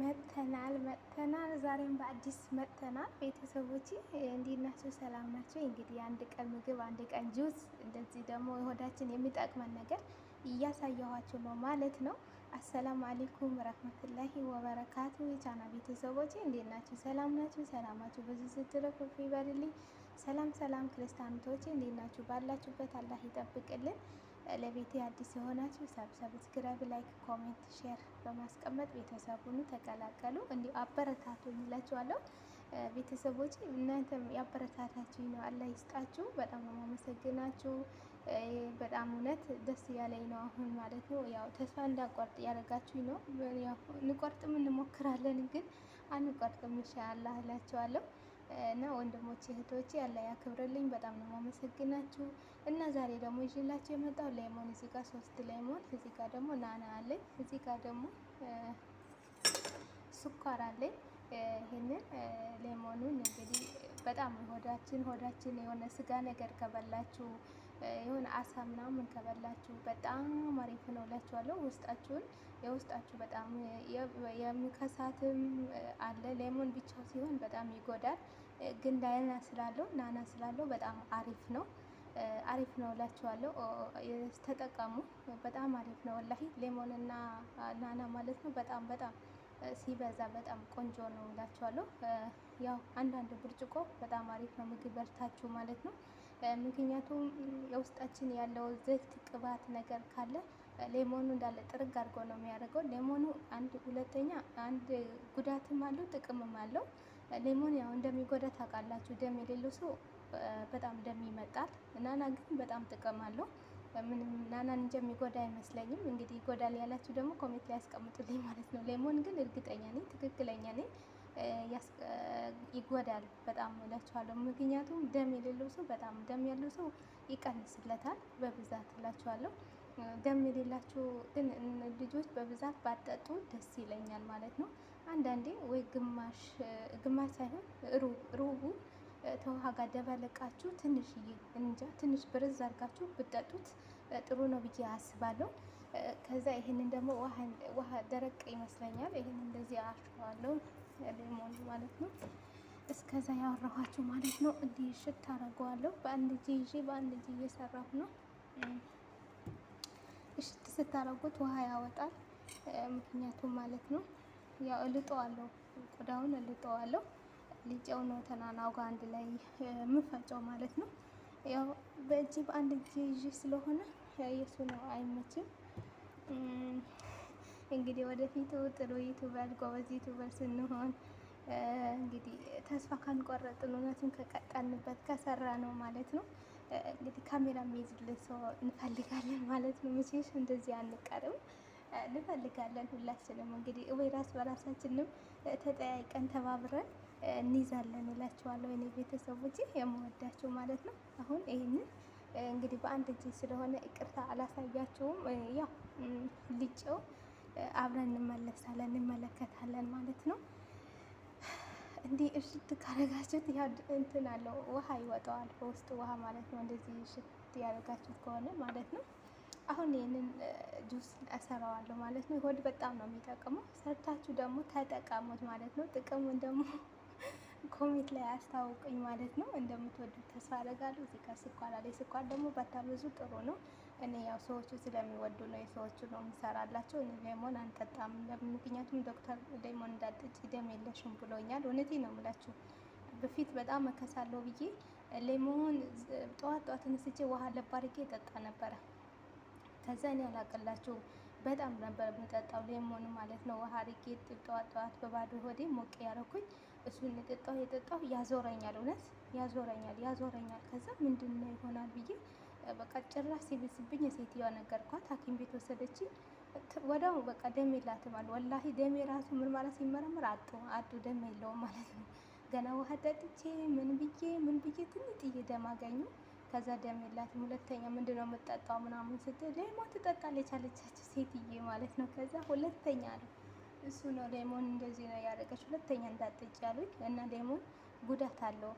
መጥተናል መጥተናል ዛሬም በአዲስ መጥተናል። ቤተሰቦች እንዴት ናቸው? ሰላም ናቸው? እንግዲህ አንድ ቀን ምግብ አንድ ቀን ጁስ፣ እንደዚህ ደግሞ የሆዳችን የሚጠቅመን ነገር እያሳየኋቸው ነው ማለት ነው። አሰላሙ አሌይኩም ረህመቱላሂ ወበረካቱ የቻና ቤተሰቦች እንዴት ናቸው? ሰላም ናቸው? ሰላማችሁ ብዙ ስትረፍርፍ ይበልልኝ። ሰላም ሰላም ክርስቲያኖቶች እንዴት ባላችሁበት አላህ ይጠብቅልን። ለቤቴ አዲስ የሆናችሁ ሰብስክራይብ፣ ላይክ፣ ኮሜንት፣ ሼር በማስቀመጥ ቤተሰቡን ተቀላቀሉ። እንዲሁ አበረታቱ እላችኋለሁ። ቤተሰቦች እናንተም ያበረታታችሁ ነው። አላህ ይስጣችሁ። በጣም ነው የማመሰግናችሁ። በጣም እውነት ደስ እያለኝ ነው አሁን ማለት ነው። ያው ተስፋ እንዳንቆርጥ ያደረጋችሁ ነው። ንቆርጥም እንሞክራለን፣ ግን አንቆርጥም። ኢንሻአላህ እላችኋለሁ። እና ወንድሞች እህቶቼ ያለ ያክብርልኝ። በጣም ነው የማመሰግናችሁ። እና ዛሬ ደግሞ ይዤላችሁ የመጣው ሌሞን እዚህ ጋር ሶስት ሌሞን፣ እዚህ ጋር ደግሞ ናና አለኝ፣ እዚህ ጋር ደግሞ ስኳር አለኝ። ይህንን ሌሞኑን እንግዲህ በጣም ሆዳችን ሆዳችን የሆነ ስጋ ነገር ከበላችሁ የሆነ አሳ ምናምን ከበላችሁ በጣም አሪፍ ነው እላችኋለሁ። ውስጣችሁን የውስጣችሁ በጣም የሚከሳትም አለ። ሌሞን ብቻ ሲሆን በጣም ይጎዳል፣ ግን ዳይና ስላለው ናና ስላለው በጣም አሪፍ ነው አሪፍ ነው እላችኋለሁ። ተጠቀሙ። በጣም አሪፍ ነው ወላሂ። ሌሞን እና ናና ማለት ነው። በጣም በጣም ሲበዛ በጣም ቆንጆ ነው እላችኋለሁ። ያው አንዳንድ ብርጭቆ በጣም አሪፍ ነው ምግብ በልታችሁ ማለት ነው። ምክንያቱም የውስጣችን ያለው ዘይት ቅባት ነገር ካለ ሌሞኑ እንዳለ ጥርግ አድርጎ ነው የሚያደርገው። ሌሞኑ አንድ ሁለተኛ አንድ ጉዳትም አለው ጥቅምም አለው። ሌሞን ያው እንደሚጎዳ ታውቃላችሁ። ደም የሌለው ሰው በጣም ደም ይመጣል። ናና ግን በጣም ጥቅም አለው። ምንም ናናን እንጂ የሚጎዳ አይመስለኝም። እንግዲህ ይጎዳል ያላችሁ ደግሞ ኮሜንት ላይ ያስቀምጡልኝ ማለት ነው። ሌሞን ግን እርግጠኛ ነኝ ትክክለኛ ነኝ ይጎዳል በጣም እላችኋለሁ። ምክንያቱም ደም የሌለው ሰው በጣም ደም ያለው ሰው ይቀንስለታል በብዛት እላችኋለሁ። ደም የሌላቸው ግን ልጆች በብዛት ባጠጡ ደስ ይለኛል ማለት ነው። አንዳንዴ ወይ ግማሽ ግማሽ ሳይሆን ሩቡ ተውሃ ጋር ደባለቃችሁ ትንሽ እንጃ ትንሽ ብርዝ አድርጋችሁ ብጠጡት ጥሩ ነው ብዬ አስባለሁ። ከዛ ይህንን ደግሞ ውሃ ደረቅ ይመስለኛል። ይህን እንደዚህ አሸዋለሁ። ያለኝ ወንድ ማለት ነው። እስከዛ ያወራኋችሁ ማለት ነው። እንዲህ ሽት አደርገዋለሁ። በአንድ እጄ ይዤ በአንድ እጄ እየሰራሁ ነው። እሽት ስታደርጉት ውሃ ያወጣል። ምክንያቱም ማለት ነው ያው እልጠዋለሁ፣ ቆዳውን እልጠዋለሁ። ልጨው ነው ተናናው ጋር አንድ ላይ የምፈጨው ማለት ነው። ያው በእጄ በአንድ እጄ ይዤ ስለሆነ የእሱ ነው አይመችም። እንግዲህ ወደፊቱ ጥሩ ዩቱበር ጎበዝ ዩቱበር ስንሆን እንግዲህ ተስፋ ካንቆረጥን እውነቱን ከቀጠልንበት ከሰራ ነው ማለት ነው። እንግዲህ ካሜራ የሚይዝልን ሰው እንፈልጋለን ማለት ነው። መቼስ እንደዚህ አንቀርም እንፈልጋለን ሁላችንም እንግዲህ ወይ ራስ በራሳችንም ተጠያይቀን ተባብረን እንይዛለን እላችኋለሁ። እኔ ቤተሰቦች የምወዳቸው ማለት ነው። አሁን ይህንን እንግዲህ በአንድ እጅ ስለሆነ ይቅርታ አላሳያችሁም። ያው ልጨው አብረን እንመለሳለን እንመለከታለን ማለት ነው። እንዲህ እሽት ካረጋችሁት እንትን አለው ውሃ ይወጣዋል በውስጡ ውሃ ማለት ነው። እንደዚህ እሽት ያደረጋችሁት ከሆነ ማለት ነው። አሁን ይህንን ጁስ እሰራዋለሁ ማለት ነው። ሆድ በጣም ነው የሚጠቅመው። ሰርታችሁ ደግሞ ተጠቀሙት ማለት ነው። ጥቅሙን ደግሞ ኮሜንት ላይ አስታውቁኝ ማለት ነው። እንደምትወዱት ተስፋ አደርጋለሁ። እዚህ ጋር ስኳር አለ። ስኳር ደግሞ ባታበዙ ጥሩ ነው። እኔ ያው ሰዎቹ ስለሚወዱ ነው የሰዎቹ ነው የምሰራላቸው። እኔ ሌሞን አንጠጣም፣ ምክንያቱም ዶክተር ሌሞን እንዳጠጪ ደም የለሽም ብሎኛል። እውነቴ ነው የምላችሁ። በፊት በጣም መከሳለሁ ብዬ ሌሞን ጠዋት ጠዋት ተነስቼ ውሃ ለባርጌ ጠጣ ነበረ። ከዛ እኔ አላቅላችሁ በጣም ነበር የምጠጣው ሌሞን ማለት ነው። ውሃ አርጌ ጠዋት ጠዋት በባዶ ሆዴ ሞቅ ያረኩኝ እሱን የጠጣው የጠጣው ያዞረኛል፣ እውነት ያዞረኛል፣ ያዞረኛል። ከዛ ምንድን ነው ይሆናል ብዬ በቃ ጭራሽ ሲብስብኝ የሴትዮዋ ነገርኳት። ሐኪም ቤት ወሰደችኝ። ወዲያው በቃ ደም የላትም አሉ። ወላሂ ደሜ ራሱ ምን ማለት ሲመረምር አጡ አጡ ደም የለውም ማለት ነው። ገና ውሃ ጠጥቼ ምን ብዬ ምን ብዬ ትንጥዬ ደም አገኙ። ከዛ ደም የላትም። ሁለተኛ ምንድን ነው የምጠጣው ምናምን ስትል ሌሞን ትጠጣለች አለቻቸው ሴትዬ ማለት ነው። ከዛ ሁለተኛ ነው እሱ ነው ሌሞን እንደዚህ ነው ያደረገች። ሁለተኛ እንዳጠጭ ያሉኝ እና ሌሞን ጉዳት አለው።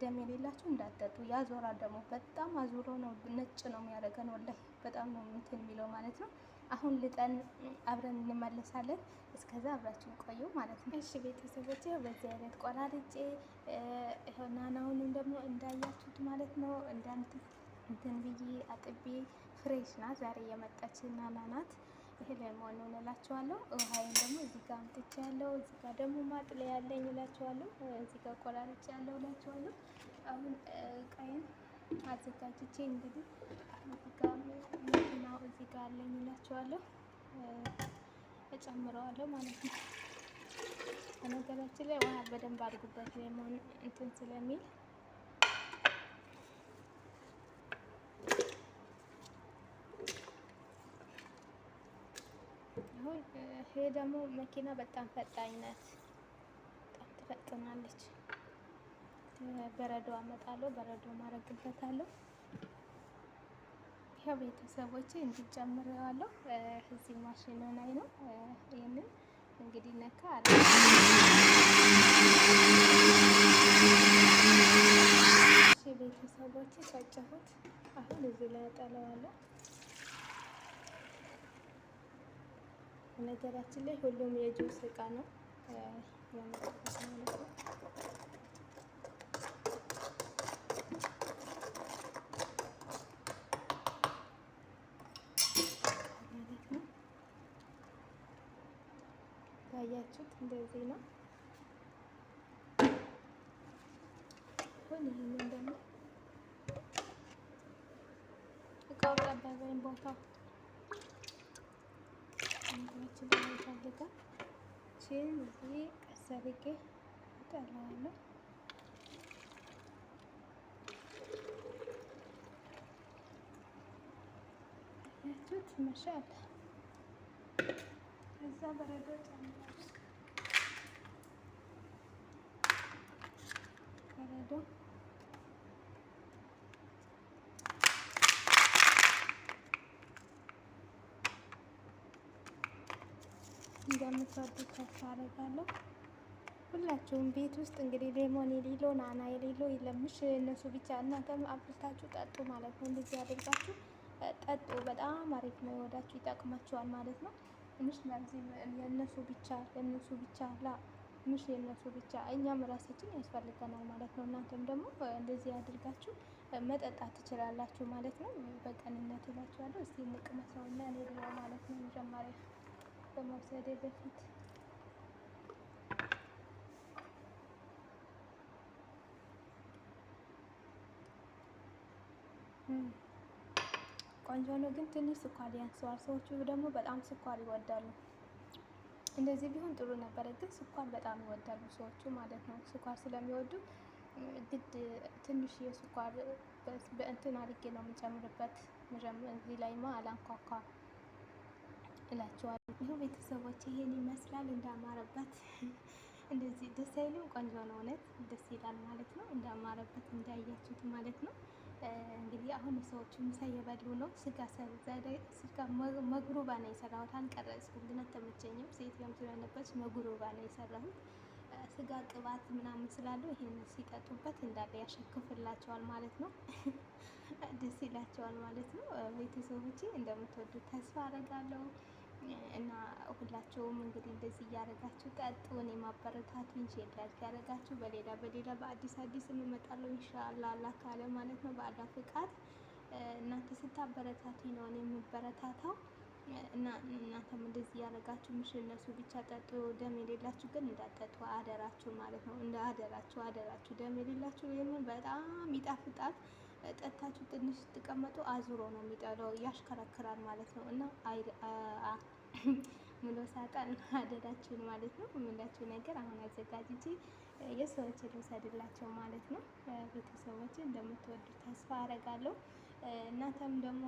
ደም የሌላቸው እንዳትጠጡ። ያዞራል ደግሞ በጣም አዙረው ነው ነጭ ነው የሚያደርገን። ወላሂ በጣም ነው እንትን የሚለው ማለት ነው። አሁን ልጠን አብረን እንመለሳለን። እስከዛ አብራችን ቆዩ ማለት ነው። እሺ ቤተሰቦች፣ በዚህ አይነት ቆራርጬ ናናውንም ደግሞ እንዳያችሁት ማለት ነው እንዳንትን ብዬ አጥቤ ፍሬሽ ናት። ዛሬ የመጣች ናና ናት። ህመሟን ነው እላችኋለሁ። ውሃዬን ደግሞ እዚህ ጋር ያለው እዚህ ጋር ደግሞ ማጥለ ያለኝ እላችኋለሁ። እዚህ ጋር ቆራርጬ ያለው እላችኋለሁ። አሁን ቀይን አዘጋጅቼ እንግዲህ እዚህ ጋር መኪናው እዚህ ጋር አለኝ እላችኋለሁ። እጨምረዋለሁ ማለት ነው። በነገራችን ላይ ውሃ በደንብ አድርጉበት ሌሞን እንትን ስለሚል አሁን ይሄ ደግሞ መኪና በጣም ፈጣኝ ናት፣ በጣም ትፈጥናለች። በረዶ አመጣለሁ፣ በረዶ ማረግበታለሁ። ይኸው ቤተሰቦች እንዲጨምረዋለሁ እዚህ ማሽን ላይ ነው። ይህንን እንግዲህ ነካ አለ ቤተሰቦች ጨጨሁት። አሁን እዚህ ላይ ያጠለዋለሁ ነገራችን ላይ ሁሉም የጁስ እቃ ነው ያመጣሁት ማለት ነው። ያያችሁት እንደዚህ ነው። ይህንን ደግሞ እቃው ጠበበኝ ቦታው። ምግባችንን እንፈልጋል። ቺን እዚህ ዘርጌ እጠለዋለሁ። ያችሁት መሻል እዛ በረዶ ጨምራለሁ በረዶ እንደምትወዱት ተስፋ አደርጋለሁ። ሁላችሁም ቤት ውስጥ እንግዲህ ሌሞን የሌለው ናና የሌለው የለምሽ እነሱ ብቻ እናንተም አፍልታችሁ ጠጡ ማለት ነው። እንደዚህ አድርጋችሁ ጠጡ። በጣም አሪፍ ነው። ወዳችሁ ይጠቅማችኋል ማለት ነው። ትንሽ ለእነሱ ብቻ ለእነሱ ብቻ ላ ትንሽ የእነሱ ብቻ እኛም ራሳችን ያስፈልገናል ማለት ነው። እናንተም ደግሞ እንደዚህ አድርጋችሁ መጠጣት ትችላላችሁ ማለት ነው። በቀንነት እላችኋለሁ። እስኪ ሙቅ መስለውና ሌለው ማለት ነው መጀመሪያ ከመውሰዴ በፊት ቆንጆ ነው፣ ግን ትንሽ ስኳር ያንሰዋል። ሰዎቹ ደግሞ በጣም ስኳር ይወዳሉ። እንደዚህ ቢሆን ጥሩ ነበረ፣ ግን ስኳር በጣም ይወዳሉ ሰዎቹ ማለት ነው። ስኳር ስለሚወዱ ግድ ትንሽ የስኳር በእንትን አድርጌ ነው የምጨምርበት። እዚህ ላይ ማ አላንኳኳ እላችኋለሁ። ቤተሰቦች ይሄን ይመስላል። እንዳማረበት እንደዚህ ደስ አይልም? ቆንጆ ነው እውነት ደስ ይላል ማለት ነው። እንዳማረበት እንዳያችሁት ማለት ነው። እንግዲህ አሁን ሰዎቹ ምሳ እየበሉ ነው። ስጋ ስጋ መጉሩባ ነው የሰራሁት። አልቀረጽኩም ግን አልተመቸኝም። ሴትዮዋም ስለነበረች መጉሩባ ነው የሰራሁት። ስጋ ቅባት ምናምን ስላለው ይሄን ሲጠጡበት እንዳለ ያሸክፍላቸዋል ማለት ነው። ደስ ይላቸዋል ማለት ነው። ቤተሰቦቼ እንደምትወዱት ተስፋ አደርጋለሁ። እና ሁላቸውም እንግዲህ እንደዚህ እያደረጋችሁ ቀጥሉን የማበረታቱ እንጂ ላይክ ያደረጋችሁ በሌላ በሌላ በአዲስ አዲስ እንመጣለሁ። ኢንሻአላ አላህ ካለ ማለት ነው በአላ ፍቃድ እናንተ ስታበረታቱ ነው እኔ የምበረታታው እና እናንተም እንደዚህ እያደረጋችሁ ምሽ እነሱ ብቻ ጠጡ። ደም የሌላችሁ ግን እንዳጠጡ አደራችሁ ማለት ነው። እንደ አደራችሁ አደራችሁ። ደም የሌላችሁ ይህንን በጣም ይጣፍጣል። ጠጥታችሁ ትንሽ ስትቀመጡ አዙሮ ነው የሚጠለው፣ ያሽከረክራል ማለት ነው። እና ምሎ ሳጣን አደዳችሁን ማለት ነው። የምላችሁ ነገር አሁን አዘጋጅቼ የሰዎች ልውሰድላቸው ማለት ነው። ቤተሰቦችን እንደምትወዱ ተስፋ አረጋለሁ። እናንተም ደግሞ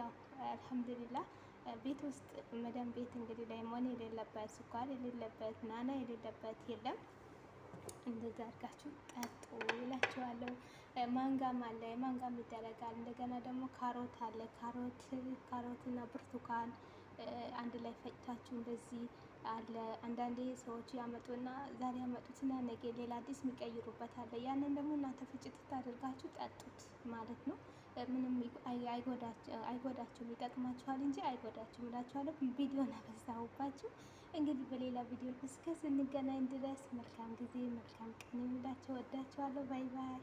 ያው አልሐምዱሊላ ቤት ውስጥ መደም ቤት እንግዲህ ላይ ላይሞን የሌለበት ስኳር የሌለበት ናና የሌለበት የለም። እንደዛ አድርጋችሁ ጠጡ ይላችኋለሁ። ማንጋም አለ፣ ማንጋም ይደረጋል። እንደገና ደግሞ ካሮት አለ። ካሮት እና ብርቱካን አንድ ላይ ፈጭታችሁ እንደዚህ አለ። አንዳንዴ ሰዎች ያመጡና ዛሬ ያመጡትና ነገ ሌላ አዲስ የሚቀይሩበት አለ። ያንን ደግሞ እናንተ ፍጭት አድርጋችሁ ጠጡት ማለት ነው። ምንም አይጎዳችሁም፣ ይጠቅማችኋል እንጂ አይጎዳችሁም እላችኋለሁ። ቪዲዮን አበዛሁባችሁ። እንግዲህ በሌላ ቪዲዮ እስከ ስንገናኝ ድረስ መልካም ጊዜ፣ መልካም ቀን ይሁንላችሁ። ወዳችኋለሁ። ባይ ባይ።